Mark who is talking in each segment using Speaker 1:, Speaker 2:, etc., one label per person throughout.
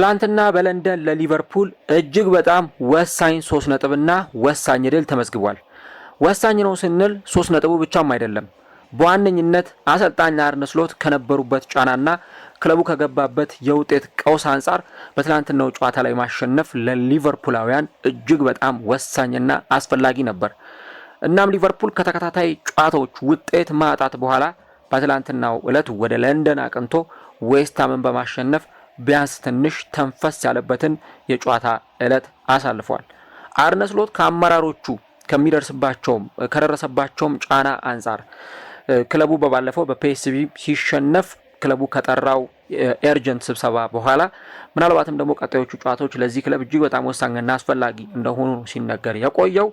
Speaker 1: ትላንትና በለንደን ለሊቨርፑል እጅግ በጣም ወሳኝ ሶስት ነጥብና ወሳኝ ድል ተመዝግቧል። ወሳኝ ነው ስንል ሶስት ነጥቡ ብቻም አይደለም። በዋነኝነት አሰልጣኝ አርነ ስሎት ከነበሩበት ጫናና ክለቡ ከገባበት የውጤት ቀውስ አንጻር በትላንትናው ጨዋታ ላይ ማሸነፍ ለሊቨርፑላውያን እጅግ በጣም ወሳኝና አስፈላጊ ነበር። እናም ሊቨርፑል ከተከታታይ ጨዋታዎች ውጤት ማጣት በኋላ በትላንትናው ዕለት ወደ ለንደን አቅንቶ ዌስትሃምን በማሸነፍ ቢያንስ ትንሽ ተንፈስ ያለበትን የጨዋታ ዕለት አሳልፏል። አርነ ስሎት ከአመራሮቹ ከሚደርስባቸውም ከደረሰባቸውም ጫና አንጻር ክለቡ በባለፈው በፒኤስቪ ሲሸነፍ ክለቡ ከጠራው ኤርጀንት ስብሰባ በኋላ ምናልባትም ደግሞ ቀጣዮቹ ጨዋታዎች ለዚህ ክለብ እጅግ በጣም ወሳኝና አስፈላጊ እንደሆኑ ሲነገር የቆየው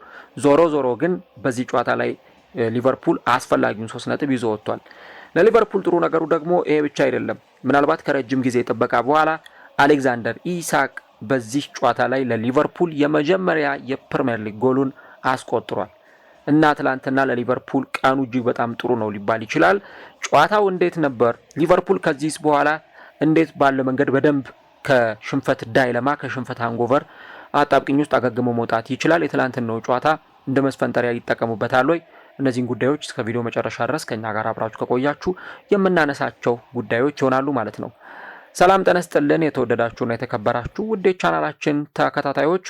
Speaker 1: ዞሮ ዞሮ ግን በዚህ ጨዋታ ላይ ሊቨርፑል አስፈላጊውን ሶስት ነጥብ ይዞ ወጥቷል። ለሊቨርፑል ጥሩ ነገሩ ደግሞ ይሄ ብቻ አይደለም። ምናልባት ከረጅም ጊዜ ጥበቃ በኋላ አሌክዛንደር ኢሳቅ በዚህ ጨዋታ ላይ ለሊቨርፑል የመጀመሪያ የፕሪምየር ሊግ ጎሉን አስቆጥሯል እና ትላንትና ለሊቨርፑል ቀኑ እጅግ በጣም ጥሩ ነው ሊባል ይችላል። ጨዋታው እንዴት ነበር? ሊቨርፑል ከዚህ በኋላ እንዴት ባለ መንገድ በደንብ ከሽንፈት ዳይለማ ከሽንፈት አንጎቨር አጣብቅኝ ውስጥ አገግሞ መውጣት ይችላል? የትላንትናው ጨዋታ እንደ መስፈንጠሪያ ይጠቀሙበታል ወይ? እነዚህን ጉዳዮች እስከ ቪዲዮ መጨረሻ ድረስ ከኛ ጋር አብራችሁ ከቆያችሁ የምናነሳቸው ጉዳዮች ይሆናሉ ማለት ነው። ሰላም ጤና ይስጥልን። የተወደዳችሁና የተከበራችሁ ውድ ቻናላችን ተከታታዮች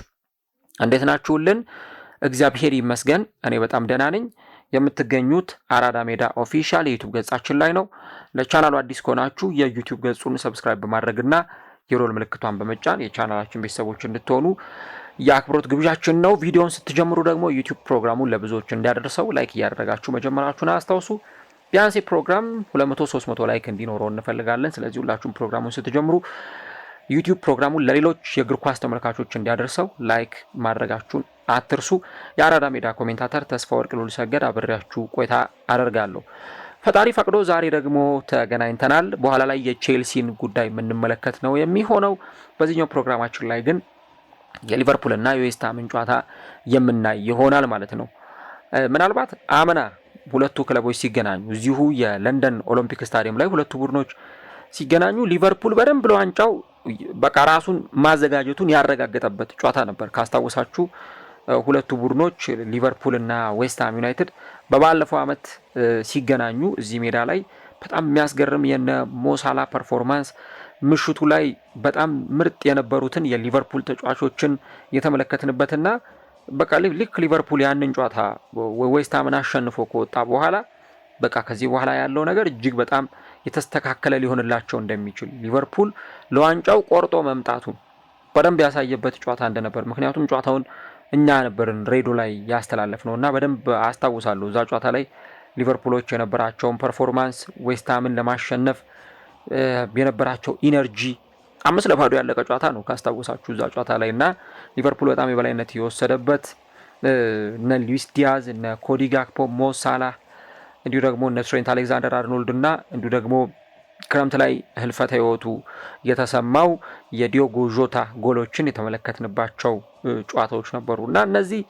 Speaker 1: እንዴት ናችሁልን? እግዚአብሔር ይመስገን እኔ በጣም ደህና ነኝ። የምትገኙት አራዳ ሜዳ ኦፊሻል የዩቱብ ገጻችን ላይ ነው። ለቻናሉ አዲስ ከሆናችሁ የዩቱብ ገጹን ሰብስክራይብ በማድረግና የሮል ምልክቷን በመጫን የቻናላችን ቤተሰቦች እንድትሆኑ የአክብሮት ግብዣችን ነው። ቪዲዮን ስትጀምሩ ደግሞ ዩቲዩብ ፕሮግራሙን ለብዙዎች እንዲያደርሰው ላይክ እያደረጋችሁ መጀመራችሁን አስታውሱ። ቢያንስ ፕሮግራም 2300 ላይክ እንዲኖረው እንፈልጋለን። ስለዚህ ሁላችሁም ፕሮግራሙን ስትጀምሩ ዩቲዩብ ፕሮግራሙን ለሌሎች የእግር ኳስ ተመልካቾች እንዲያደርሰው ላይክ ማድረጋችሁን አትርሱ። የአራዳ ሜዳ ኮሜንታተር ተስፋ ወርቅ ሉል ሰገድ አብሬያችሁ ቆይታ አደርጋለሁ። ፈጣሪ ፈቅዶ ዛሬ ደግሞ ተገናኝተናል። በኋላ ላይ የቼልሲን ጉዳይ የምንመለከት ነው የሚሆነው። በዚህኛው ፕሮግራማችን ላይ ግን የሊቨርፑልና የዌስትሃምን ጨዋታ የምናይ ይሆናል ማለት ነው። ምናልባት አምና ሁለቱ ክለቦች ሲገናኙ እዚሁ የለንደን ኦሎምፒክ ስታዲየም ላይ ሁለቱ ቡድኖች ሲገናኙ ሊቨርፑል በደንብ ለዋንጫው በቃ ራሱን ማዘጋጀቱን ያረጋገጠበት ጨዋታ ነበር። ካስታወሳችሁ ሁለቱ ቡድኖች ሊቨርፑልና ዌስትሃም ዩናይትድ በባለፈው ዓመት ሲገናኙ እዚህ ሜዳ ላይ በጣም የሚያስገርም የነ ሞሳላ ፐርፎርማንስ ምሽቱ ላይ በጣም ምርጥ የነበሩትን የሊቨርፑል ተጫዋቾችን የተመለከትንበትና በቃ ልክ ሊቨርፑል ያንን ጨዋታ ዌስትሃምን አሸንፎ ከወጣ በኋላ በቃ ከዚህ በኋላ ያለው ነገር እጅግ በጣም የተስተካከለ ሊሆንላቸው እንደሚችል ሊቨርፑል ለዋንጫው ቆርጦ መምጣቱን በደንብ ያሳየበት ጨዋታ እንደነበር ምክንያቱም ጨዋታውን እኛ ነበርን ሬዲዮ ላይ ያስተላለፍ ነው እና በደንብ አስታውሳለሁ። እዛ ጨዋታ ላይ ሊቨርፑሎች የነበራቸውን ፐርፎርማንስ ዌስትሃምን ለማሸነፍ የነበራቸው ኢነርጂ አምስት ለባዶ ያለቀ ጨዋታ ነው ካስታወሳችሁ እዛ ጨዋታ ላይ እና ሊቨርፑል በጣም የበላይነት የወሰደበት እነ ሉዊስ ዲያዝ እነ ኮዲ ጋክፖ፣ ሞሳላ እንዲሁ ደግሞ እነ ትሬንት አሌክዛንደር አርኖልድ እና እንዲሁ ደግሞ ክረምት ላይ ህልፈተ ህይወቱ የተሰማው የዲዮጎ ዦታ ጎሎችን የተመለከትንባቸው ጨዋታዎች ነበሩ እና እነዚህ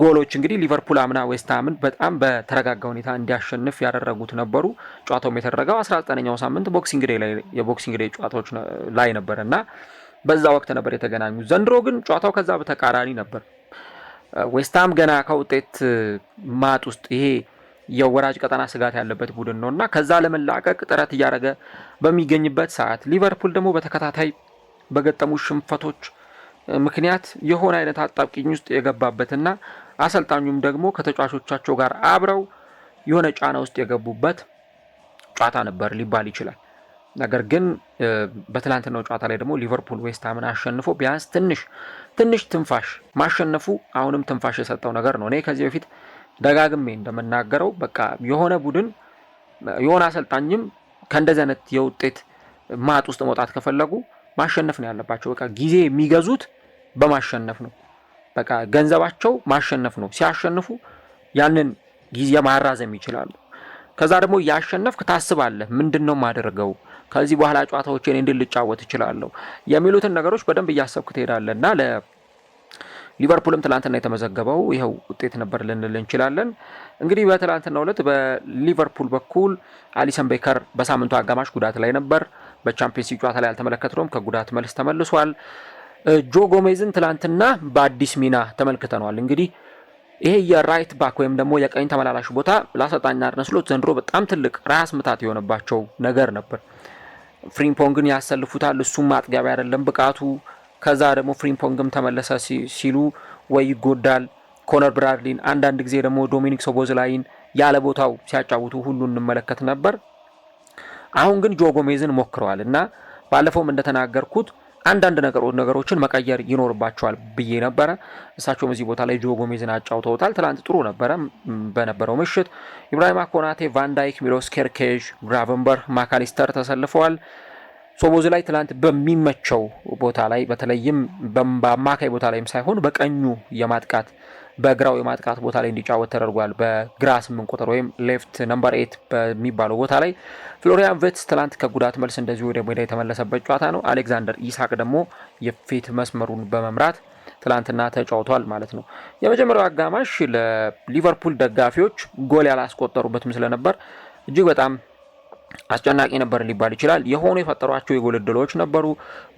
Speaker 1: ጎሎች እንግዲህ ሊቨርፑል አምና ዌስትሃምን በጣም በተረጋጋ ሁኔታ እንዲያሸንፍ ያደረጉት ነበሩ። ጨዋታውም የተደረገው 19ኛው ሳምንት ቦክሲንግ ዴይ ላይ የቦክሲንግ ዴይ ጨዋታዎች ላይ ነበር እና በዛ ወቅት ነበር የተገናኙት። ዘንድሮ ግን ጨዋታው ከዛ በተቃራኒ ነበር። ዌስትሃም ገና ከውጤት ማጥ ውስጥ ይሄ የወራጅ ቀጠና ስጋት ያለበት ቡድን ነው እና ከዛ ለመላቀቅ ጥረት እያደረገ በሚገኝበት ሰዓት ሊቨርፑል ደግሞ በተከታታይ በገጠሙ ሽንፈቶች ምክንያት የሆነ አይነት አጣብቂኝ ውስጥ የገባበትና አሰልጣኙም ደግሞ ከተጫዋቾቻቸው ጋር አብረው የሆነ ጫና ውስጥ የገቡበት ጨዋታ ነበር ሊባል ይችላል። ነገር ግን በትላንትናው ጨዋታ ላይ ደግሞ ሊቨርፑል ዌስትሃምን አሸንፎ ቢያንስ ትንሽ ትንሽ ትንፋሽ ማሸነፉ አሁንም ትንፋሽ የሰጠው ነገር ነው። እኔ ከዚህ በፊት ደጋግሜ እንደምናገረው በቃ የሆነ ቡድን የሆነ አሰልጣኝም ከእንደዚህ አይነት የውጤት ማጥ ውስጥ መውጣት ከፈለጉ ማሸነፍ ነው ያለባቸው። በቃ ጊዜ የሚገዙት በማሸነፍ ነው። በቃ ገንዘባቸው ማሸነፍ ነው። ሲያሸንፉ ያንን ጊዜ ማራዘም ይችላሉ። ከዛ ደግሞ እያሸነፍክ ታስባለህ። ምንድን ነው ማደርገው? ከዚህ በኋላ ጨዋታዎችን እንድል ልጫወት እችላለሁ የሚሉትን ነገሮች በደንብ እያሰብክ ትሄዳለህ እና ሊቨርፑልም ትላንትና የተመዘገበው ይኸው ውጤት ነበር ልንል እንችላለን። እንግዲህ በትላንትናው ዕለት በሊቨርፑል በኩል አሊሰን ቤከር በሳምንቱ አጋማሽ ጉዳት ላይ ነበር። በቻምፒየንስ ሊግ ጨዋታ ላይ አልተመለከትነውም። ከጉዳት መልስ ተመልሷል። ጆ ጎሜዝን ትላንትና በአዲስ ሚና ተመልክተነዋል። እንግዲህ ይሄ የራይት ባክ ወይም ደግሞ የቀኝ ተመላላሽ ቦታ ለአሰልጣኝ አርነ ስሎት ዘንድሮ በጣም ትልቅ ራስ ምታት የሆነባቸው ነገር ነበር። ፍሪምፖንግን ያሰልፉታል፣ እሱም ማጥጋቢ አይደለም ብቃቱ። ከዛ ደግሞ ፍሪምፖንግም ተመለሰ ሲሉ ወይ ይጎዳል። ኮነር ብራድሊን አንዳንድ ጊዜ ደግሞ ዶሚኒክ ሶቦዝላይን ያለ ቦታው ሲያጫውቱ ሁሉ እንመለከት ነበር። አሁን ግን ጆጎሜዝን ሞክረዋል እና ባለፈውም እንደተናገርኩት አንዳንድ ነገሮችን መቀየር ይኖርባቸዋል ብዬ ነበረ። እሳቸውም እዚህ ቦታ ላይ ጆጎሜዝን አጫውተውታል። ትላንት ጥሩ ነበረ በነበረው ምሽት። ኢብራሂማ ኮናቴ፣ ቫንዳይክ፣ ሚሎስ ኬርኬዥ፣ ግራቨንበር፣ ማካሊስተር ተሰልፈዋል። ሶቦዝ ላይ ትላንት በሚመቸው ቦታ ላይ በተለይም በአማካይ ቦታ ላይም ሳይሆን በቀኙ የማጥቃት በግራው የማጥቃት ቦታ ላይ እንዲጫወት ተደርጓል። በግራ ስምንት ቁጥር ወይም ሌፍት ነምበር ኤት በሚባለው ቦታ ላይ ፍሎሪያን ቬትስ ትላንት ከጉዳት መልስ እንደዚሁ ወደ ሜዳ የተመለሰበት ጨዋታ ነው። አሌክዛንደር ኢሳቅ ደግሞ የፊት መስመሩን በመምራት ትላንትና ተጫውቷል ማለት ነው። የመጀመሪያው አጋማሽ ለሊቨርፑል ደጋፊዎች ጎል ያላስቆጠሩበትም ስለነበር እጅግ በጣም አስጨናቂ ነበር ሊባል ይችላል። የሆኑ የፈጠሯቸው የጎል እድሎች ነበሩ፣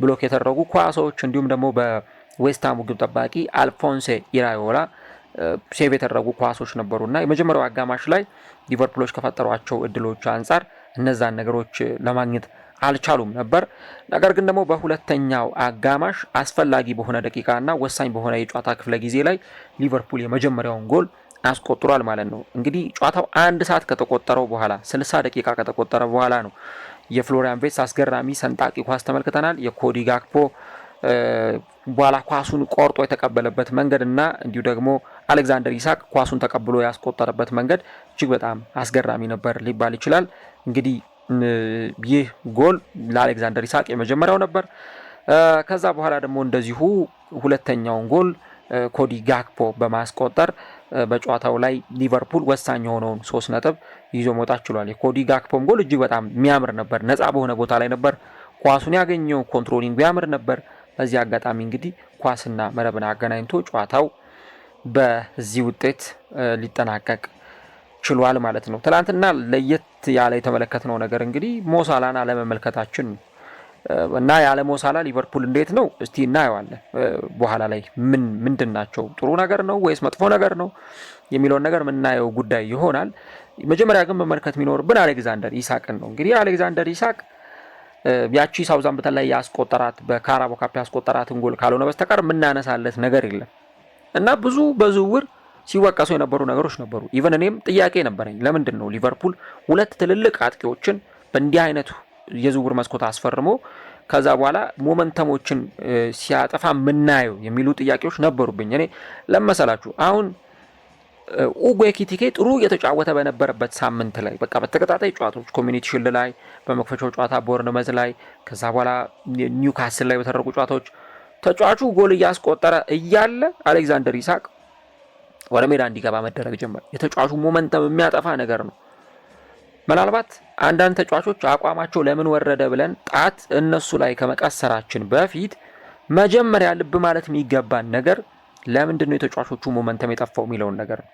Speaker 1: ብሎክ የተደረጉ ኳሶች፣ እንዲሁም ደግሞ በዌስትሃሙ ግብ ጠባቂ አልፎንሴ ኢራዮላ ሴቭ የተደረጉ ኳሶች እና የመጀመሪያው አጋማሽ ላይ ሊቨርፑሎች ከፈጠሯቸው እድሎች አንጻር እነዛን ነገሮች ለማግኘት አልቻሉም ነበር። ነገር ግን ደግሞ በሁለተኛው አጋማሽ አስፈላጊ በሆነ ደቂቃና ወሳኝ በሆነ የጨዋታ ክፍለ ጊዜ ላይ ሊቨርፑል የመጀመሪያውን ጎል አስቆጥሯል ማለት ነው። እንግዲህ ጨዋታው አንድ ሰዓት ከተቆጠረው በኋላ 60 ደቂቃ ከተቆጠረ በኋላ ነው የፍሎሪያን ቬትስ አስገራሚ ሰንጣቂ ኳስ ተመልክተናል። የኮዲ ጋክፖ በኋላ ኳሱን ቆርጦ የተቀበለበት መንገድ እና እንዲሁ ደግሞ አሌክዛንደር ኢሳቅ ኳሱን ተቀብሎ ያስቆጠረበት መንገድ እጅግ በጣም አስገራሚ ነበር ሊባል ይችላል። እንግዲህ ይህ ጎል ለአሌክዛንደር ኢሳቅ የመጀመሪያው ነበር። ከዛ በኋላ ደግሞ እንደዚሁ ሁለተኛውን ጎል ኮዲ ጋክፖ በማስቆጠር በጨዋታው ላይ ሊቨርፑል ወሳኝ የሆነውን ሶስት ነጥብ ይዞ መውጣት ችሏል። የኮዲ ጋክፖም ጎል እጅግ በጣም የሚያምር ነበር። ነፃ በሆነ ቦታ ላይ ነበር ኳሱን ያገኘው። ኮንትሮሊንግ ያምር ነበር። በዚህ አጋጣሚ እንግዲህ ኳስና መረብን አገናኝቶ ጨዋታው በዚህ ውጤት ሊጠናቀቅ ችሏል ማለት ነው። ትናንትና ለየት ያለ የተመለከትነው ነገር እንግዲህ ሞሳላን አለመመልከታችን እና ያለ ሞሳላ ሊቨርፑል እንዴት ነው እስቲ እናየዋለን። በኋላ ላይ ምን ምንድን ናቸው ጥሩ ነገር ነው ወይስ መጥፎ ነገር ነው የሚለውን ነገር የምናየው ጉዳይ ይሆናል። መጀመሪያ ግን መመልከት የሚኖርብን አሌግዛንደር ኢሳቅን ነው። እንግዲህ አሌግዛንደር ኢሳቅ ያቺ ሳውዛምፕተን ላይ ያስቆጠራት በካራቦካፕ ያስቆጠራትን ጎል ካልሆነ በስተቀር የምናነሳለት ነገር የለም። እና ብዙ በዝውውር ሲወቀሱ የነበሩ ነገሮች ነበሩ። ኢቨን እኔም ጥያቄ ነበረኝ፣ ለምንድን ነው ሊቨርፑል ሁለት ትልልቅ አጥቂዎችን በእንዲህ አይነቱ የዝውውር መስኮት አስፈርሞ ከዛ በኋላ ሞመንተሞችን ሲያጠፋ ምናየው የሚሉ ጥያቄዎች ነበሩብኝ። እኔ ለመሰላችሁ አሁን ኡጎ ኤኪቲኬ ጥሩ እየተጫወተ በነበረበት ሳምንት ላይ በቃ በተከታታይ ጨዋታዎች ኮሚኒቲ ሽል ላይ፣ በመክፈቻው ጨዋታ ቦርንመዝ ላይ፣ ከዛ በኋላ ኒውካስል ላይ በተደረጉ ጨዋታዎች ተጫዋቹ ጎል እያስቆጠረ እያለ አሌክዛንደር ይስሐቅ ወደ ሜዳ እንዲገባ መደረግ ጀመር። የተጫዋቹ ሞመንተም የሚያጠፋ ነገር ነው። ምናልባት አንዳንድ ተጫዋቾች አቋማቸው ለምን ወረደ ብለን ጣት እነሱ ላይ ከመቀሰራችን በፊት መጀመሪያ ልብ ማለት የሚገባን ነገር ለምንድን ነው የተጫዋቾቹ ሞመንተም የጠፋው የሚለውን ነገር ነው።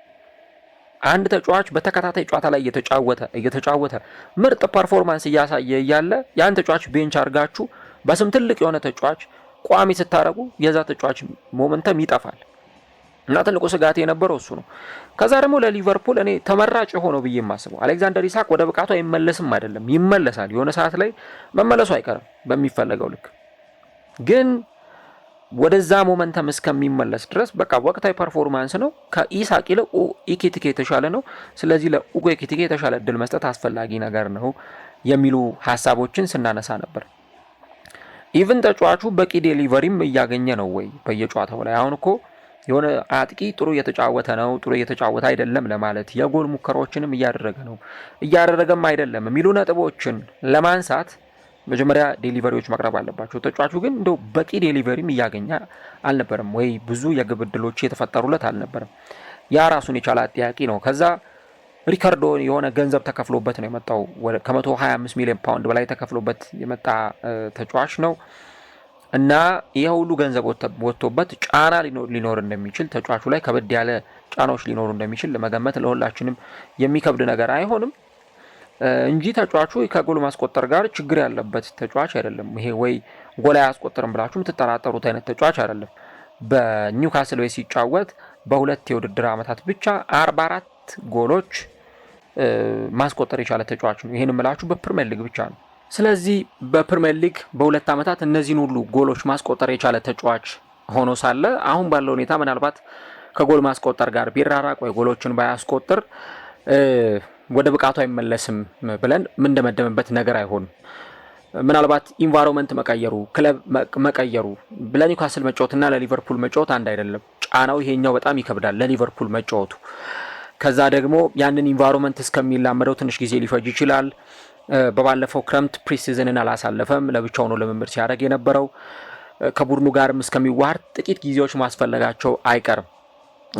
Speaker 1: አንድ ተጫዋች በተከታታይ ጨዋታ ላይ እየተጫወተ እየተጫወተ ምርጥ ፐርፎርማንስ እያሳየ እያለ ያን ተጫዋች ቤንች አድርጋችሁ በስም ትልቅ የሆነ ተጫዋች ቋሚ ስታረጉ የዛ ተጫዋች ሞመንተም ይጠፋል እና ትልቁ ስጋት የነበረው እሱ ነው። ከዛ ደግሞ ለሊቨርፑል እኔ ተመራጭ የሆነው ብዬ የማስበው አሌክዛንደር ኢሳቅ ወደ ብቃቱ አይመለስም አይደለም፣ ይመለሳል። የሆነ ሰዓት ላይ መመለሱ አይቀርም በሚፈለገው ልክ ግን ወደዛ ሞመንተም እስከሚመለስ ድረስ በቃ ወቅታዊ ፐርፎርማንስ ነው። ከኢሳቅ ይልቅ ኢኬቲኬ የተሻለ ነው። ስለዚህ ለኡጎ ኢኬቲኬ የተሻለ እድል መስጠት አስፈላጊ ነገር ነው የሚሉ ሀሳቦችን ስናነሳ ነበር። ኢቭን ተጫዋቹ በቂ ዴሊቨሪም እያገኘ ነው ወይ በየጨዋታው ላይ? አሁን እኮ የሆነ አጥቂ ጥሩ እየተጫወተ ነው፣ ጥሩ እየተጫወተ አይደለም ለማለት የጎል ሙከራዎችንም እያደረገ ነው እያደረገም አይደለም የሚሉ ነጥቦችን ለማንሳት መጀመሪያ ዴሊቨሪዎች ማቅረብ አለባቸው። ተጫዋቹ ግን እንደው በቂ ዴሊቨሪም እያገኘ አልነበረም ወይ ብዙ የግብ የተፈጠሩለት አልነበረም። ያ ራሱን የቻለ አጠያቂ ነው። ከዛ ሪካርዶ የሆነ ገንዘብ ተከፍሎበት ነው የመጣው። ከ125 ሚሊዮን ፓውንድ በላይ ተከፍሎበት የመጣ ተጫዋች ነው እና ይህ ሁሉ ገንዘብ ወጥቶበት ጫና ሊኖር እንደሚችል ተጫዋቹ ላይ ከበድ ያለ ጫናዎች ሊኖሩ እንደሚችል ለመገመት ለሁላችንም የሚከብድ ነገር አይሆንም እንጂ ተጫዋቹ ከጎል ማስቆጠር ጋር ችግር ያለበት ተጫዋች አይደለም። ይሄ ወይ ጎል አያስቆጥርም ብላችሁ የምትጠራጠሩት አይነት ተጫዋች አይደለም። በኒውካስል ወይ ሲጫወት በሁለት የውድድር ዓመታት ብቻ 44 አራት ጎሎች ማስቆጠር የቻለ ተጫዋች ነው። ይህን ምላችሁ በፕሪሚየር ሊግ ብቻ ነው። ስለዚህ በፕሪሚየር ሊግ በሁለት ዓመታት እነዚህን ሁሉ ጎሎች ማስቆጠር የቻለ ተጫዋች ሆኖ ሳለ አሁን ባለው ሁኔታ ምናልባት ከጎል ማስቆጠር ጋር ቢራራቅ ወይ ጎሎችን ባያስቆጥር ወደ ብቃቱ አይመለስም ብለን ምንደመደምበት ነገር አይሆንም። ምናልባት ኢንቫይሮንመንት መቀየሩ፣ ክለብ መቀየሩ፣ ለኒውካስል መጫወትና ለሊቨርፑል መጫወት አንድ አይደለም። ጫናው ይሄኛው በጣም ይከብዳል ለሊቨርፑል መጫወቱ ከዛ ደግሞ ያንን ኢንቫይሮንመንት እስከሚላመደው ትንሽ ጊዜ ሊፈጅ ይችላል። በባለፈው ክረምት ፕሪሲዝንን አላሳለፈም። ለብቻው ነው ልምምድ ሲያደርግ የነበረው። ከቡድኑ ጋርም እስከሚዋሃድ ጥቂት ጊዜዎች ማስፈለጋቸው አይቀርም።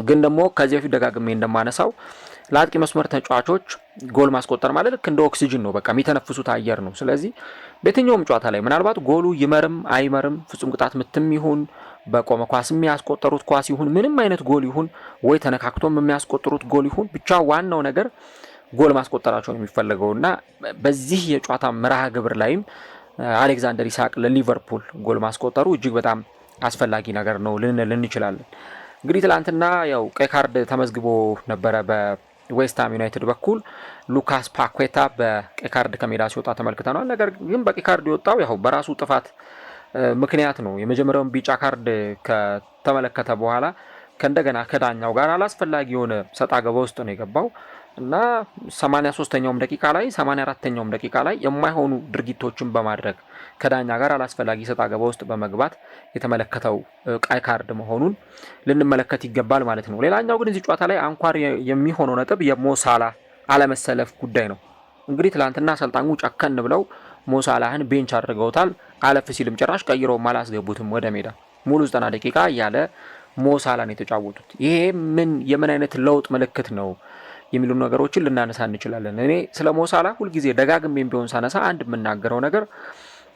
Speaker 1: ግን ደግሞ ከዚህ በፊት ደጋግሜ እንደማነሳው ለአጥቂ መስመር ተጫዋቾች ጎል ማስቆጠር ማለት ልክ እንደ ኦክሲጅን ነው። በቃ የሚተነፍሱት አየር ነው። ስለዚህ በየትኛውም ጨዋታ ላይ ምናልባት ጎሉ ይመርም አይመርም፣ ፍጹም ቅጣት ምትም ይሁን በቆመ ኳስ የሚያስቆጠሩት ኳስ ይሁን ምንም አይነት ጎል ይሁን ወይ ተነካክቶም የሚያስቆጥሩት ጎል ይሁን ብቻ ዋናው ነገር ጎል ማስቆጠራቸው ነው የሚፈለገው እና በዚህ የጨዋታ መርሃ ግብር ላይም አሌክዛንደር ኢሳቅ ለሊቨርፑል ጎል ማስቆጠሩ እጅግ በጣም አስፈላጊ ነገር ነው ልንል እንችላለን። እንግዲህ ትላንትና ያው ቀይ ካርድ ተመዝግቦ ነበረ በ ዌስትሃም ዩናይትድ በኩል ሉካስ ፓኩታ በቀይ ካርድ ከሜዳ ሲወጣ ተመልክተናል። ነገር ግን በቀይ ካርድ የወጣው ያው በራሱ ጥፋት ምክንያት ነው። የመጀመሪያውን ቢጫ ካርድ ከተመለከተ በኋላ ከእንደገና ከዳኛው ጋር አላስፈላጊ የሆነ ሰጣ ገባ ውስጥ ነው የገባው እና 83ኛውም ደቂቃ ላይ 84ኛውም ደቂቃ ላይ የማይሆኑ ድርጊቶችን በማድረግ ከዳኛ ጋር አላስፈላጊ ሰጥ አገባ ውስጥ በመግባት የተመለከተው ቀይ ካርድ መሆኑን ልንመለከት ይገባል ማለት ነው። ሌላኛው ግን እዚህ ጨዋታ ላይ አንኳር የሚሆነው ነጥብ የሞሳላ አለመሰለፍ ጉዳይ ነው። እንግዲህ ትላንትና አሰልጣኙ ጨከን ብለው ሞሳላህን ቤንች አድርገውታል። አለፍ ሲልም ጭራሽ ቀይረውም አላስገቡትም ወደ ሜዳ ሙሉ 90 ደቂቃ ያለ ሞሳላን የተጫወቱት። ይሄ ምን የምን አይነት ለውጥ ምልክት ነው የሚሉ ነገሮችን ልናነሳ እንችላለን። እኔ ስለ ሞሳላ ሁልጊዜ ደጋግሜም ቢሆን ሳነሳ አንድ የምናገረው ነገር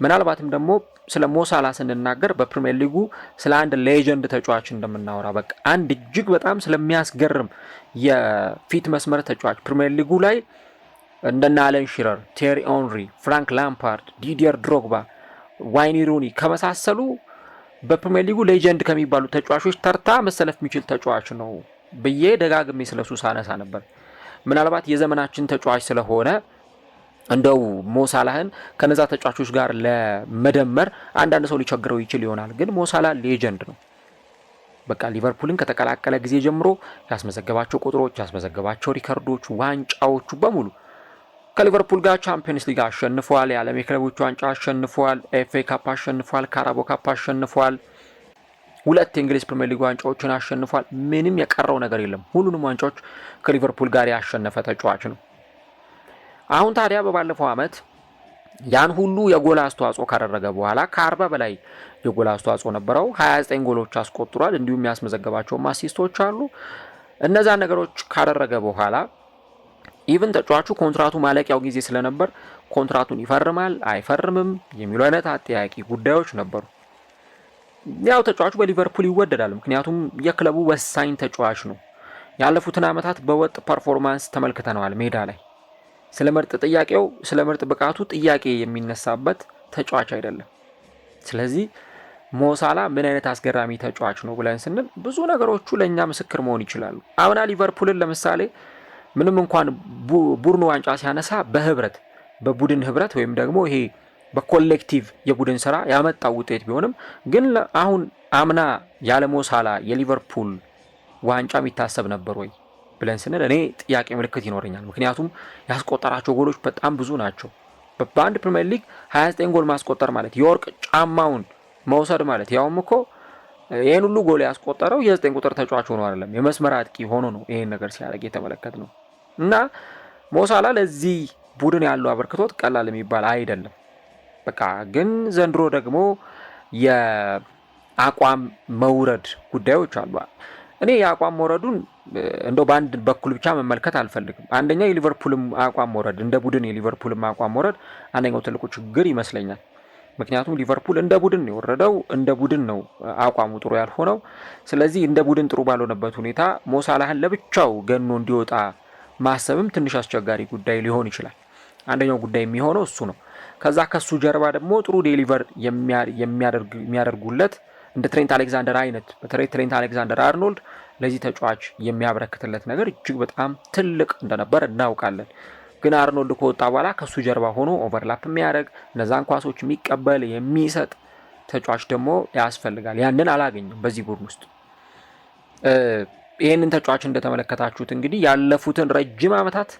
Speaker 1: ምናልባትም ደግሞ ስለ ሞሳላ ስንናገር በፕሪሚየር ሊጉ ስለ አንድ ሌጀንድ ተጫዋች እንደምናወራ በቃ አንድ እጅግ በጣም ስለሚያስገርም የፊት መስመር ተጫዋች ፕሪሚየር ሊጉ ላይ እንደነ አለን ሺረር፣ ቴሪ ኦንሪ፣ ፍራንክ ላምፓርድ፣ ዲዲየር ድሮግባ፣ ዋይኒ ሩኒ ከመሳሰሉ በፕሪሚየር ሊጉ ሌጀንድ ከሚባሉ ተጫዋቾች ተርታ መሰለፍ የሚችል ተጫዋች ነው ብዬ ደጋግሜ ስለሱ ሳነሳ ነበር። ምናልባት የዘመናችን ተጫዋች ስለሆነ እንደው ሞሳላህን ከነዛ ተጫዋቾች ጋር ለመደመር አንዳንድ ሰው ሊቸግረው ይችል ይሆናል። ግን ሞሳላ ሌጀንድ ነው። በቃ ሊቨርፑልን ከተቀላቀለ ጊዜ ጀምሮ ያስመዘገባቸው ቁጥሮች፣ ያስመዘገባቸው ሪከርዶች፣ ዋንጫዎቹ በሙሉ ከሊቨርፑል ጋር ቻምፒየንስ ሊግ አሸንፏል፣ የዓለም የክለቦች ዋንጫ አሸንፏል፣ ኤፍ ኤ ካፕ አሸንፏል፣ ካራቦ ካፕ አሸንፏል፣ ሁለት የእንግሊዝ ፕሪምየር ሊግ ዋንጫዎችን አሸንፏል። ምንም የቀረው ነገር የለም። ሁሉንም ዋንጫዎች ከሊቨርፑል ጋር ያሸነፈ ተጫዋች ነው። አሁን ታዲያ በባለፈው ዓመት ያን ሁሉ የጎል አስተዋጽኦ ካደረገ በኋላ ከአርባ በላይ የጎል አስተዋጽኦ ነበረው። 29 ጎሎች አስቆጥሯል። እንዲሁም ያስመዘገባቸውም አሲስቶች አሉ። እነዛን ነገሮች ካደረገ በኋላ ኢቭን ተጫዋቹ ኮንትራቱ ማለቂያው ጊዜ ስለነበር ኮንትራቱን ይፈርማል አይፈርምም የሚሉ አይነት አጠያቂ ጉዳዮች ነበሩ። ያው ተጫዋቹ በሊቨርፑል ይወደዳል፣ ምክንያቱም የክለቡ ወሳኝ ተጫዋች ነው። ያለፉትን ዓመታት በወጥ ፐርፎርማንስ ተመልክተነዋል ሜዳ ላይ ስለ ምርጥ ጥያቄው ስለ ምርጥ ብቃቱ ጥያቄ የሚነሳበት ተጫዋች አይደለም። ስለዚህ ሞሳላ ምን አይነት አስገራሚ ተጫዋች ነው ብለን ስንል ብዙ ነገሮቹ ለእኛ ምስክር መሆን ይችላሉ። አምና ሊቨርፑልን ለምሳሌ ምንም እንኳን ቡድኑ ዋንጫ ሲያነሳ በህብረት በቡድን ህብረት ወይም ደግሞ ይሄ በኮሌክቲቭ የቡድን ስራ ያመጣው ውጤት ቢሆንም ግን አሁን አምና ያለ ሞሳላ የሊቨርፑል ዋንጫ የሚታሰብ ነበር ወይ? ብለን ስንል እኔ ጥያቄ ምልክት ይኖረኛል። ምክንያቱም ያስቆጠራቸው ጎሎች በጣም ብዙ ናቸው። በአንድ ፕሪምየር ሊግ 29 ጎል ማስቆጠር ማለት የወርቅ ጫማውን መውሰድ ማለት ያውም እኮ ይህን ሁሉ ጎል ያስቆጠረው የ9 ቁጥር ተጫዋች ሆኖ አይደለም፣ የመስመር አጥቂ ሆኖ ነው ይህን ነገር ሲያደርግ የተመለከት ነው። እና ሞሳላ ለዚህ ቡድን ያለው አበርክቶት ቀላል የሚባል አይደለም። በቃ ግን ዘንድሮ ደግሞ የአቋም መውረድ ጉዳዮች አሉ። እኔ የአቋም መውረዱን እንደው በአንድ በኩል ብቻ መመልከት አልፈልግም። አንደኛው የሊቨርፑልም አቋም መውረድ እንደ ቡድን የሊቨርፑልም አቋም መውረድ አንደኛው ትልቁ ችግር ይመስለኛል። ምክንያቱም ሊቨርፑል እንደ ቡድን የወረደው፣ እንደ ቡድን ነው አቋሙ ጥሩ ያልሆነው። ስለዚህ እንደ ቡድን ጥሩ ባልሆነበት ሁኔታ ሞሳላህን ለብቻው ገኖ እንዲወጣ ማሰብም ትንሽ አስቸጋሪ ጉዳይ ሊሆን ይችላል። አንደኛው ጉዳይ የሚሆነው እሱ ነው። ከዛ ከሱ ጀርባ ደግሞ ጥሩ ዴሊቨር የሚያደርጉለት እንደ ትሬንት አሌክዛንደር አይነት በተለይ ትሬንት አሌክዛንደር አርኖልድ ለዚህ ተጫዋች የሚያበረክትለት ነገር እጅግ በጣም ትልቅ እንደነበር እናውቃለን። ግን አርኖልድ ከወጣ በኋላ ከሱ ጀርባ ሆኖ ኦቨርላፕ የሚያደርግ እነዛን ኳሶች የሚቀበል የሚሰጥ ተጫዋች ደግሞ ያስፈልጋል። ያንን አላገኝም በዚህ ቡድን ውስጥ። ይህንን ተጫዋች እንደተመለከታችሁት እንግዲህ ያለፉትን ረጅም ዓመታት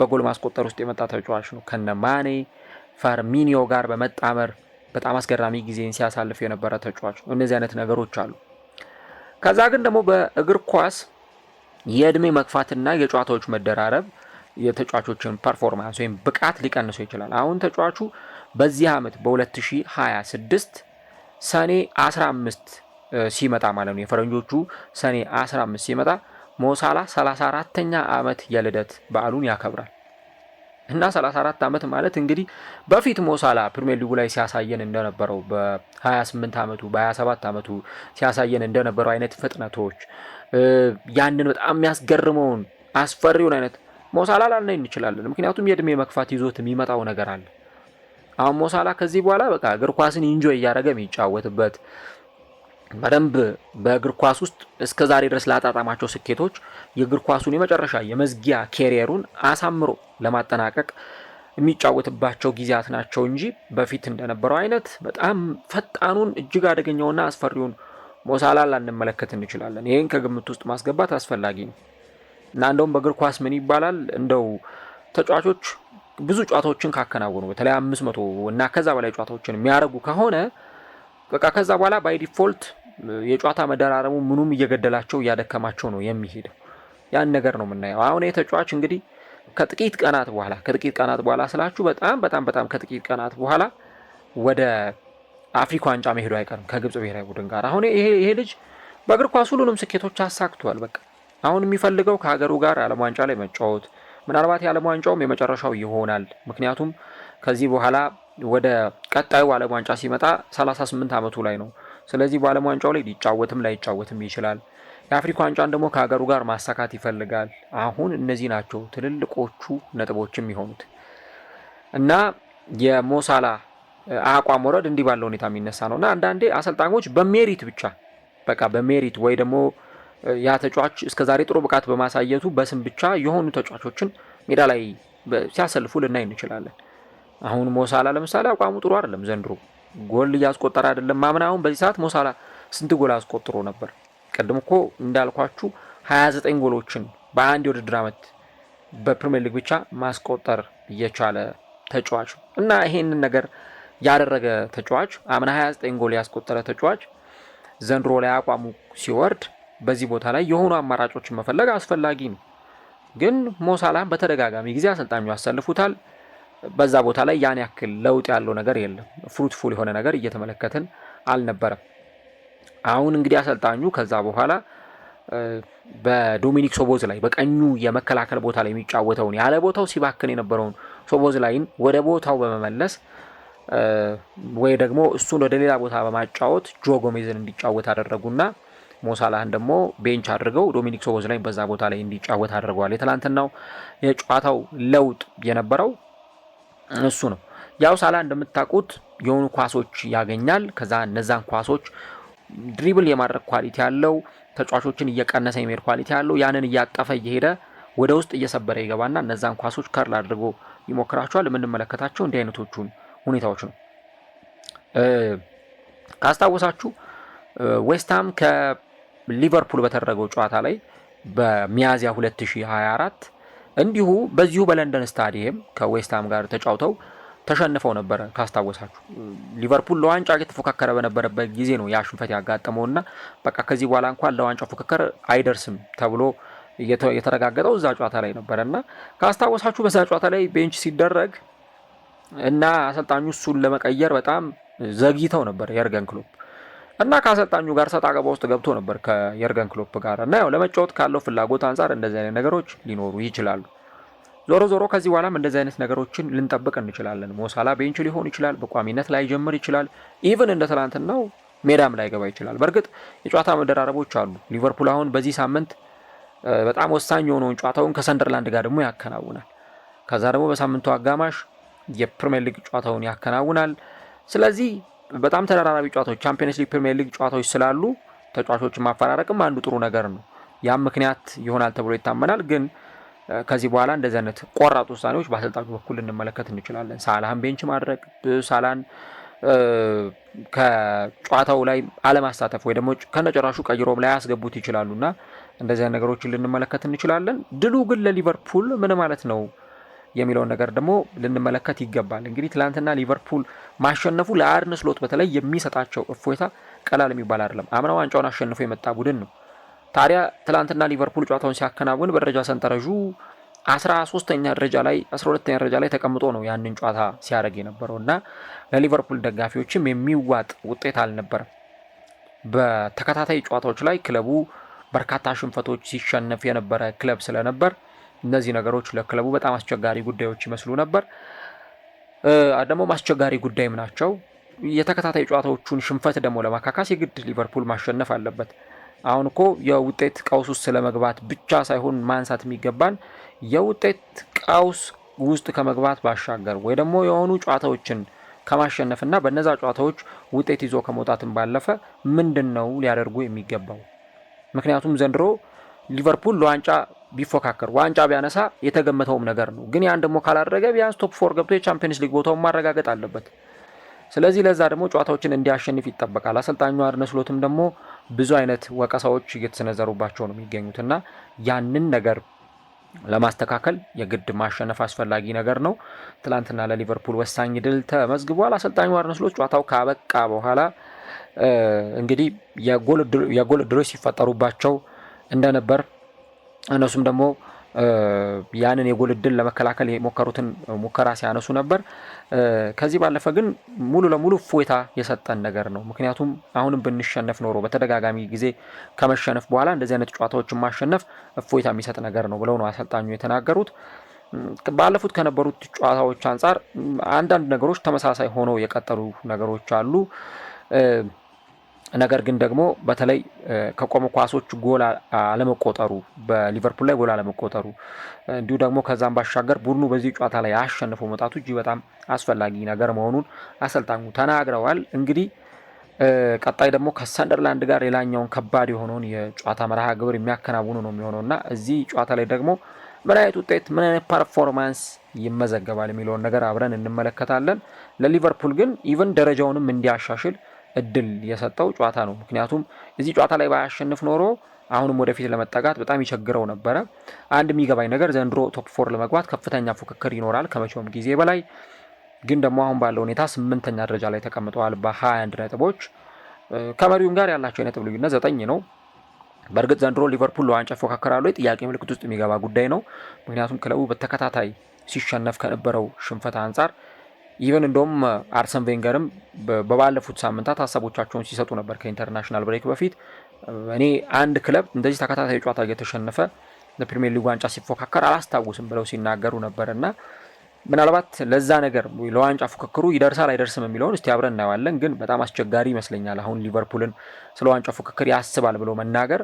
Speaker 1: በጎል ማስቆጠር ውስጥ የመጣ ተጫዋች ነው ከነ ማኔ ፈርሚኒዮ ጋር በመጣመር በጣም አስገራሚ ጊዜን ሲያሳልፍ የነበረ ተጫዋች ነው። እነዚህ አይነት ነገሮች አሉ። ከዛ ግን ደግሞ በእግር ኳስ የእድሜ መግፋትና የጨዋታዎች መደራረብ የተጫዋቾችን ፐርፎርማንስ ወይም ብቃት ሊቀንሱ ይችላል። አሁን ተጫዋቹ በዚህ ዓመት በ2026 ሰኔ 15 ሲመጣ ማለት ነው የፈረንጆቹ ሰኔ 15 ሲመጣ ሞሳላ 34ተኛ ዓመት የልደት በዓሉን ያከብራል። እና 34 ዓመት ማለት እንግዲህ በፊት ሞሳላ ፕሪሚየር ሊጉ ላይ ሲያሳየን እንደነበረው በ28 ዓመቱ በ27 ዓመቱ ሲያሳየን እንደነበረው አይነት ፍጥነቶች ያንን በጣም የሚያስገርመውን አስፈሪውን አይነት ሞሳላ ላልነ እንችላለን። ምክንያቱም የእድሜ መክፋት ይዞት የሚመጣው ነገር አለ። አሁን ሞሳላ ከዚህ በኋላ በቃ እግር ኳስን ኢንጆይ እያደረገ የሚጫወትበት በደንብ በእግር ኳስ ውስጥ እስከ ዛሬ ድረስ ላጣጣማቸው ስኬቶች የእግር ኳሱን የመጨረሻ የመዝጊያ ኬሪየሩን አሳምሮ ለማጠናቀቅ የሚጫወትባቸው ጊዜያት ናቸው እንጂ በፊት እንደነበረው አይነት በጣም ፈጣኑን እጅግ አደገኛውና አስፈሪውን ሞሳላ ላንመለከት እንችላለን። ይህን ከግምት ውስጥ ማስገባት አስፈላጊ ነው እና እንደውም በእግር ኳስ ምን ይባላል እንደው ተጫዋቾች ብዙ ጨዋታዎችን ካከናወኑ በተለይ አምስት መቶ እና ከዛ በላይ ጨዋታዎችን የሚያደርጉ ከሆነ በቃ ከዛ በኋላ ባይ ዲፎልት የጨዋታ መደራረቡ ምኑም እየገደላቸው እያደከማቸው ነው የሚሄደው። ያን ነገር ነው የምናየው። አሁን የተጫዋች እንግዲህ ከጥቂት ቀናት በኋላ ከጥቂት ቀናት በኋላ ስላችሁ በጣም በጣም በጣም ከጥቂት ቀናት በኋላ ወደ አፍሪካ ዋንጫ መሄዱ አይቀርም ከግብጽ ብሔራዊ ቡድን ጋር። አሁን ይሄ ልጅ በእግር ኳስ ሁሉንም ስኬቶች አሳክቷል። በቃ አሁን የሚፈልገው ከሀገሩ ጋር ዓለም ዋንጫ ላይ መጫወት ምናልባት የዓለም ዋንጫውም የመጨረሻው ይሆናል። ምክንያቱም ከዚህ በኋላ ወደ ቀጣዩ ዓለም ዋንጫ ሲመጣ 38 ዓመቱ ላይ ነው። ስለዚህ በዓለም ዋንጫው ላይ ሊጫወትም ላይጫወትም ይችላል። የአፍሪካ ዋንጫን ደግሞ ከሀገሩ ጋር ማሳካት ይፈልጋል። አሁን እነዚህ ናቸው ትልልቆቹ ነጥቦችም የሆኑት እና የሞሳላ አቋም ወረድ እንዲህ ባለው ሁኔታ የሚነሳ ነው እና አንዳንዴ አሰልጣኞች በሜሪት ብቻ በቃ በሜሪት ወይ ደግሞ ያ ተጫዋች እስከዛሬ ጥሩ ብቃት በማሳየቱ በስም ብቻ የሆኑ ተጫዋቾችን ሜዳ ላይ ሲያሰልፉ ልናይ እንችላለን። አሁን ሞሳላ ለምሳሌ አቋሙ ጥሩ አይደለም ዘንድሮ ጎል እያስቆጠረ አይደለም። ማምና አሁን በዚህ ሰዓት ሞሳላ ስንት ጎል አስቆጥሮ ነበር? ቅድም እኮ እንዳልኳችሁ 29 ጎሎችን በአንድ የውድድር ዓመት በፕሪሚየር ሊግ ብቻ ማስቆጠር እየቻለ ተጫዋች እና ይሄንን ነገር ያደረገ ተጫዋች አምና 29 ጎል ያስቆጠረ ተጫዋች ዘንድሮ ላይ አቋሙ ሲወርድ በዚህ ቦታ ላይ የሆኑ አማራጮችን መፈለግ አስፈላጊ ነው። ግን ሞሳላን በተደጋጋሚ ጊዜ አሰልጣኙ ያሰልፉታል። በዛ ቦታ ላይ ያን ያክል ለውጥ ያለው ነገር የለም። ፍሩትፉል የሆነ ነገር እየተመለከትን አልነበረም። አሁን እንግዲህ አሰልጣኙ ከዛ በኋላ በዶሚኒክ ሶቦዝ ላይ በቀኙ የመከላከል ቦታ ላይ የሚጫወተውን ያለ ቦታው ሲባክን የነበረውን ሶቦዝ ላይን ወደ ቦታው በመመለስ ወይ ደግሞ እሱን ወደ ሌላ ቦታ በማጫወት ጆ ጎሜዝን እንዲጫወት አደረጉና ሞሳላህን ደግሞ ቤንች አድርገው ዶሚኒክ ሶቦዝ ላይ በዛ ቦታ ላይ እንዲጫወት አድርገዋል። የትላንትናው የጨዋታው ለውጥ የነበረው እሱ ነው። ያው ሳላ እንደምታውቁት የሆኑ ኳሶች ያገኛል። ከዛ እነዛን ኳሶች ድሪብል የማድረግ ኳሊቲ ያለው ተጫዋቾችን እየቀነሰ የሚሄድ ኳሊቲ ያለው ያንን እያቀፈ እየሄደ ወደ ውስጥ እየሰበረ ይገባና እነዛን ኳሶች ከርል አድርጎ ይሞክራቸዋል። የምንመለከታቸው እንዲህ አይነቶቹን ሁኔታዎች ነው። ካስታወሳችሁ ዌስትሃም ከሊቨርፑል በተደረገው ጨዋታ ላይ በሚያዝያ 2024 እንዲሁ በዚሁ በለንደን ስታዲየም ከዌስትሃም ጋር ተጫውተው ተሸንፈው ነበረ። ካስታወሳችሁ ሊቨርፑል ለዋንጫ እየተፎካከረ በነበረበት ጊዜ ነው ያ ሽንፈት እና በቃ ከዚህ በኋላ እንኳን ለዋንጫ ፉክክር አይደርስም ተብሎ የተረጋገጠው እዛ ጨዋታ ላይ ነበረና ካስታወሳችሁ በዛ ጨዋታ ላይ ቤንች ሲደረግ እና አሰልጣኙ እሱን ለመቀየር በጣም ዘግይተው ነበር የርገን ክሎፕ እና ከአሰልጣኙ ጋር ሰጥ አገባ ውስጥ ገብቶ ነበር ከየርገን ክሎፕ ጋር እና ያው ለመጫወት ካለው ፍላጎት አንጻር እንደዚህ አይነት ነገሮች ሊኖሩ ይችላሉ። ዞሮ ዞሮ ከዚህ በኋላም እንደዚህ አይነት ነገሮችን ልንጠብቅ እንችላለን። ሞሳላ ቤንች ሊሆን ይችላል፣ በቋሚነት ላይ ጀምር ይችላል፣ ኢቭን እንደ ትላንትናው ሜዳም ላይ ገባ ይችላል። በእርግጥ የጨዋታ መደራረቦች አሉ። ሊቨርፑል አሁን በዚህ ሳምንት በጣም ወሳኝ የሆነውን ጨዋታውን ከሰንደርላንድ ጋር ደግሞ ያከናውናል። ከዛ ደግሞ በሳምንቱ አጋማሽ የፕሪሚየር ሊግ ጨዋታውን ያከናውናል። ስለዚህ በጣም ተደራራቢ ጨዋታዎች፣ ቻምፒየንስ ሊግ፣ ፕሪሚየር ሊግ ጨዋታዎች ስላሉ ተጫዋቾችን ማፈራረቅም አንዱ ጥሩ ነገር ነው። ያም ምክንያት ይሆናል ተብሎ ይታመናል። ግን ከዚህ በኋላ እንደዚህ አይነት ቆራጥ ውሳኔዎች በአሰልጣኙ በኩል ልንመለከት እንችላለን። ሳላህን ቤንች ማድረግ፣ ሳላህን ከጨዋታው ላይ አለማሳተፍ ወይ ደግሞ ከነጨራሹ ቀይሮም ላይ ያስገቡት ይችላሉና እንደዚህ ነገሮችን ልንመለከት እንችላለን። ድሉ ግን ለሊቨርፑል ምን ማለት ነው? የሚለውን ነገር ደግሞ ልንመለከት ይገባል። እንግዲህ ትላንትና ሊቨርፑል ማሸነፉ ለአርነ ስሎት በተለይ የሚሰጣቸው እፎይታ ቀላል የሚባል አይደለም። አምና ዋንጫውን አሸንፎ የመጣ ቡድን ነው። ታዲያ ትላንትና ሊቨርፑል ጨዋታውን ሲያከናውን በደረጃ ሰንጠረዡ አስራ ሶስተኛ ደረጃ ላይ አስራ ሁለተኛ ደረጃ ላይ ተቀምጦ ነው ያንን ጨዋታ ሲያደርግ የነበረው እና ለሊቨርፑል ደጋፊዎችም የሚዋጥ ውጤት አልነበረም። በተከታታይ ጨዋታዎች ላይ ክለቡ በርካታ ሽንፈቶች ሲሸነፍ የነበረ ክለብ ስለነበር እነዚህ ነገሮች ለክለቡ በጣም አስቸጋሪ ጉዳዮች ይመስሉ ነበር። ደግሞ አስቸጋሪ ጉዳይም ናቸው። የተከታታይ ጨዋታዎቹን ሽንፈት ደግሞ ለማካካስ የግድ ሊቨርፑል ማሸነፍ አለበት። አሁን እኮ የውጤት ቀውስ ውስጥ ስለመግባት ብቻ ሳይሆን ማንሳት የሚገባን የውጤት ቀውስ ውስጥ ከመግባት ባሻገር ወይ ደግሞ የሆኑ ጨዋታዎችን ከማሸነፍና በነዛ ጨዋታዎች ውጤት ይዞ ከመውጣትን ባለፈ ምንድን ነው ሊያደርጉ የሚገባው? ምክንያቱም ዘንድሮ ሊቨርፑል ለዋንጫ ቢፎካከር ዋንጫ ቢያነሳ የተገመተውም ነገር ነው። ግን ያን ደግሞ ካላደረገ ቢያንስ ቶፕ ፎር ገብቶ የቻምፒየንስ ሊግ ቦታውን ማረጋገጥ አለበት። ስለዚህ ለዛ ደግሞ ጨዋታዎችን እንዲያሸንፍ ይጠበቃል። አሰልጣኙ አርነ ስሎትም ደግሞ ብዙ አይነት ወቀሳዎች እየተሰነዘሩባቸው ነው የሚገኙትና ያንን ነገር ለማስተካከል የግድ ማሸነፍ አስፈላጊ ነገር ነው። ትላንትና ለሊቨርፑል ወሳኝ ድል ተመዝግቧል። አሰልጣኙ አርነ ስሎት ጨዋታው ካበቃ በኋላ እንግዲህ የጎል ድሮች ሲፈጠሩባቸው እንደነበር እነሱም ደግሞ ያንን የጎል እድል ለመከላከል የሞከሩትን ሙከራ ሲያነሱ ነበር። ከዚህ ባለፈ ግን ሙሉ ለሙሉ እፎይታ የሰጠን ነገር ነው። ምክንያቱም አሁንም ብንሸነፍ ኖሮ በተደጋጋሚ ጊዜ ከመሸነፍ በኋላ እንደዚህ አይነት ጨዋታዎችን ማሸነፍ እፎይታ የሚሰጥ ነገር ነው ብለው ነው አሰልጣኙ የተናገሩት። ባለፉት ከነበሩት ጨዋታዎች አንጻር አንዳንድ ነገሮች ተመሳሳይ ሆነው የቀጠሉ ነገሮች አሉ። ነገር ግን ደግሞ በተለይ ከቆመ ኳሶች ጎል አለመቆጠሩ በሊቨርፑል ላይ ጎል አለመቆጠሩ እንዲሁ ደግሞ ከዛም ባሻገር ቡድኑ በዚህ ጨዋታ ላይ አሸንፎ መውጣቱ እጅግ በጣም አስፈላጊ ነገር መሆኑን አሰልጣኙ ተናግረዋል። እንግዲህ ቀጣይ ደግሞ ከሰንደርላንድ ጋር ሌላኛውን ከባድ የሆነውን የጨዋታ መርሃ ግብር የሚያከናውኑ ነው የሚሆነው እና እዚህ ጨዋታ ላይ ደግሞ ምን አይነት ውጤት ምን አይነት ፐርፎርማንስ ይመዘገባል የሚለውን ነገር አብረን እንመለከታለን። ለሊቨርፑል ግን ኢቨን ደረጃውንም እንዲያሻሽል እድል የሰጠው ጨዋታ ነው። ምክንያቱም እዚህ ጨዋታ ላይ ባያሸንፍ ኖሮ አሁንም ወደፊት ለመጠጋት በጣም ይቸግረው ነበረ። አንድ የሚገባኝ ነገር ዘንድሮ ቶፕ ፎር ለመግባት ከፍተኛ ፉክክር ይኖራል ከመቼውም ጊዜ በላይ ግን ደግሞ አሁን ባለው ሁኔታ ስምንተኛ ደረጃ ላይ ተቀምጠዋል በ21 ነጥቦች ከመሪውም ጋር ያላቸው የነጥብ ልዩነት ዘጠኝ ነው። በእርግጥ ዘንድሮ ሊቨርፑል ለዋንጫ ፎካከራሉ ጥያቄ ምልክት ውስጥ የሚገባ ጉዳይ ነው። ምክንያቱም ክለቡ በተከታታይ ሲሸነፍ ከነበረው ሽንፈት አንጻር ኢቨን እንደውም አርሰን ቬንገርም በባለፉት ሳምንታት ሀሳቦቻቸውን ሲሰጡ ነበር ከኢንተርናሽናል ብሬክ በፊት እኔ አንድ ክለብ እንደዚህ ተከታታይ ጨዋታ እየተሸነፈ ለፕሪሚየር ሊግ ዋንጫ ሲፎካከር አላስታውስም ብለው ሲናገሩ ነበር እና ምናልባት ለዛ ነገር ለዋንጫ ፉክክሩ ይደርሳል አይደርስም የሚለውን እስቲ አብረን እናየዋለን። ግን በጣም አስቸጋሪ ይመስለኛል። አሁን ሊቨርፑልን ስለ ዋንጫ ፉክክር ያስባል ብሎ መናገር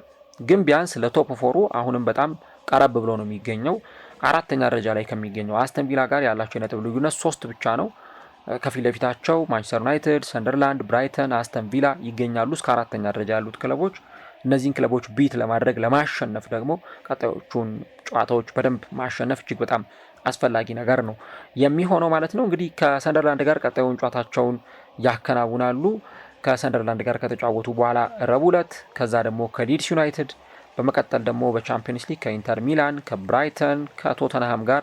Speaker 1: ግን ቢያንስ ለቶፕ ፎሩ አሁንም በጣም ቀረብ ብሎ ነው የሚገኘው። አራተኛ ደረጃ ላይ ከሚገኘው አስተን ቪላ ጋር ያላቸው የነጥብ ልዩነት ሶስት ብቻ ነው። ከፊት ለፊታቸው ማንቸስተር ዩናይትድ፣ ሰንደርላንድ፣ ብራይተን፣ አስተን ቪላ ይገኛሉ። እስከ አራተኛ ደረጃ ያሉት ክለቦች እነዚህን ክለቦች ቢት ለማድረግ ለማሸነፍ ደግሞ ቀጣዮቹን ጨዋታዎች በደንብ ማሸነፍ እጅግ በጣም አስፈላጊ ነገር ነው የሚሆነው ማለት ነው። እንግዲህ ከሰንደርላንድ ጋር ቀጣዩን ጨዋታቸውን ያከናውናሉ። ከሰንደርላንድ ጋር ከተጫወቱ በኋላ ረቡዕ ዕለት ከዛ ደግሞ ከሊድስ ዩናይትድ በመቀጠል ደግሞ በቻምፒየንስ ሊግ ከኢንተር ሚላን፣ ከብራይተን፣ ከቶተንሃም ጋር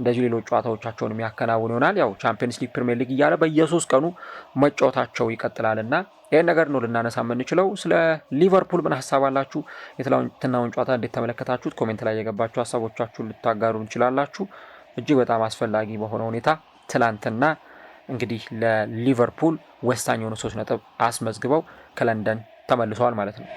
Speaker 1: እንደዚሁ ሌሎች ጨዋታዎቻቸውን የሚያከናውን ይሆናል። ያው ቻምፒየንስ ሊግ፣ ፕሪሚየር ሊግ እያለ በየሶስት ቀኑ መጫወታቸው ይቀጥላል እና ይህን ነገር ነው ልናነሳ የምንችለው። ስለ ሊቨርፑል ምን ሀሳብ አላችሁ? የትናውን ጨዋታ እንዴት ተመለከታችሁት? ኮሜንት ላይ የገባችሁ ሀሳቦቻችሁን ልታጋሩ እንችላላችሁ። እጅግ በጣም አስፈላጊ በሆነ ሁኔታ ትላንትና እንግዲህ ለሊቨርፑል ወሳኝ የሆኑ ሶስት ነጥብ አስመዝግበው ከለንደን ተመልሰዋል ማለት ነው።